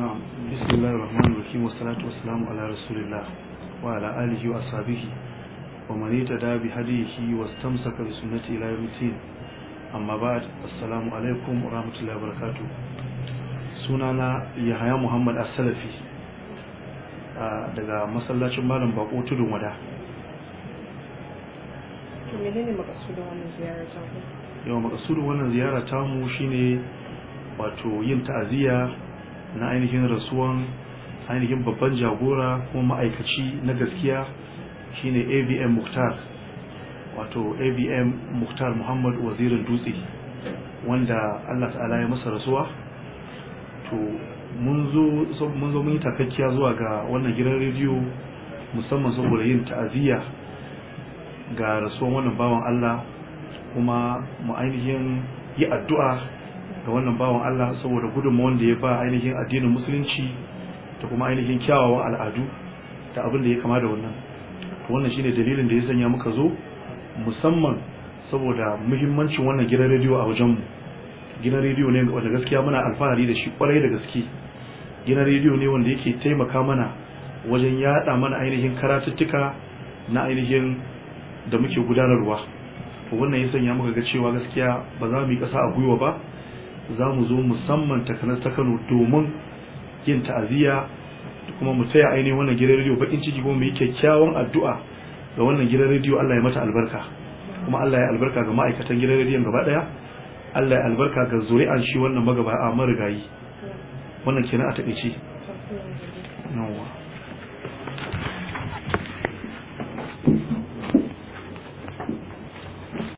نعم بسم الله الرحمن الرحيم والصلاة والسلام على رسول الله وعلى آله وأصحابه ومن اهتدى بهديه واستمسك بسنته إلى يوم الدين أما بعد السلام عليكم ورحمة الله وبركاته sunana yahaya muhammad asalafi daga masallacin malam bako tudun wada yau makasudin wannan ziyara tamu shine wato yin ta'aziyya na ainihin rasuwan ainihin babban jagora kuma ma'aikaci na gaskiya shine abm muktar wato abm muktar muhammad wazirin dutse wanda allah ta'ala ya masa rasuwa to mun zo mun yi takakkiya zuwa ga wannan gidan rediyo musamman saboda yin ta'aziyya ga rasuwan wannan bawan allah kuma mu ainihin yi addu'a da wannan bawan Allah saboda gudunmu wanda ya ba ainihin addinin musulunci da kuma ainihin kyawawan al'adu da abin da ya kama da wannan to wannan shine dalilin da ya sanya muka zo musamman saboda muhimmancin wannan gidan rediyo a wajenmu gidan rediyo ne wanda gaskiya muna alfahari da shi kwarai da gaske gidan rediyo ne wanda yake taimaka mana wajen yada mana ainihin karatuttuka na ainihin da muke gudanarwa to wannan ya sanya muka ga cewa gaskiya ba za mu yi kasa a gwiwa ba za mu zo musamman ta ta kano domin yin ta'aziyya kuma mu taya ainihin wannan gidan rediyo bakin ciki kuma mu yi kyakkyawan addu'a ga wannan gidan rediyo Allah ya mata albarka kuma Allah ya albarka ga ma'aikatan gidan rediyon gaba daya Allah ya albarka ga zuri'an shi wannan magaba a marigayi wannan kenan a taƙaice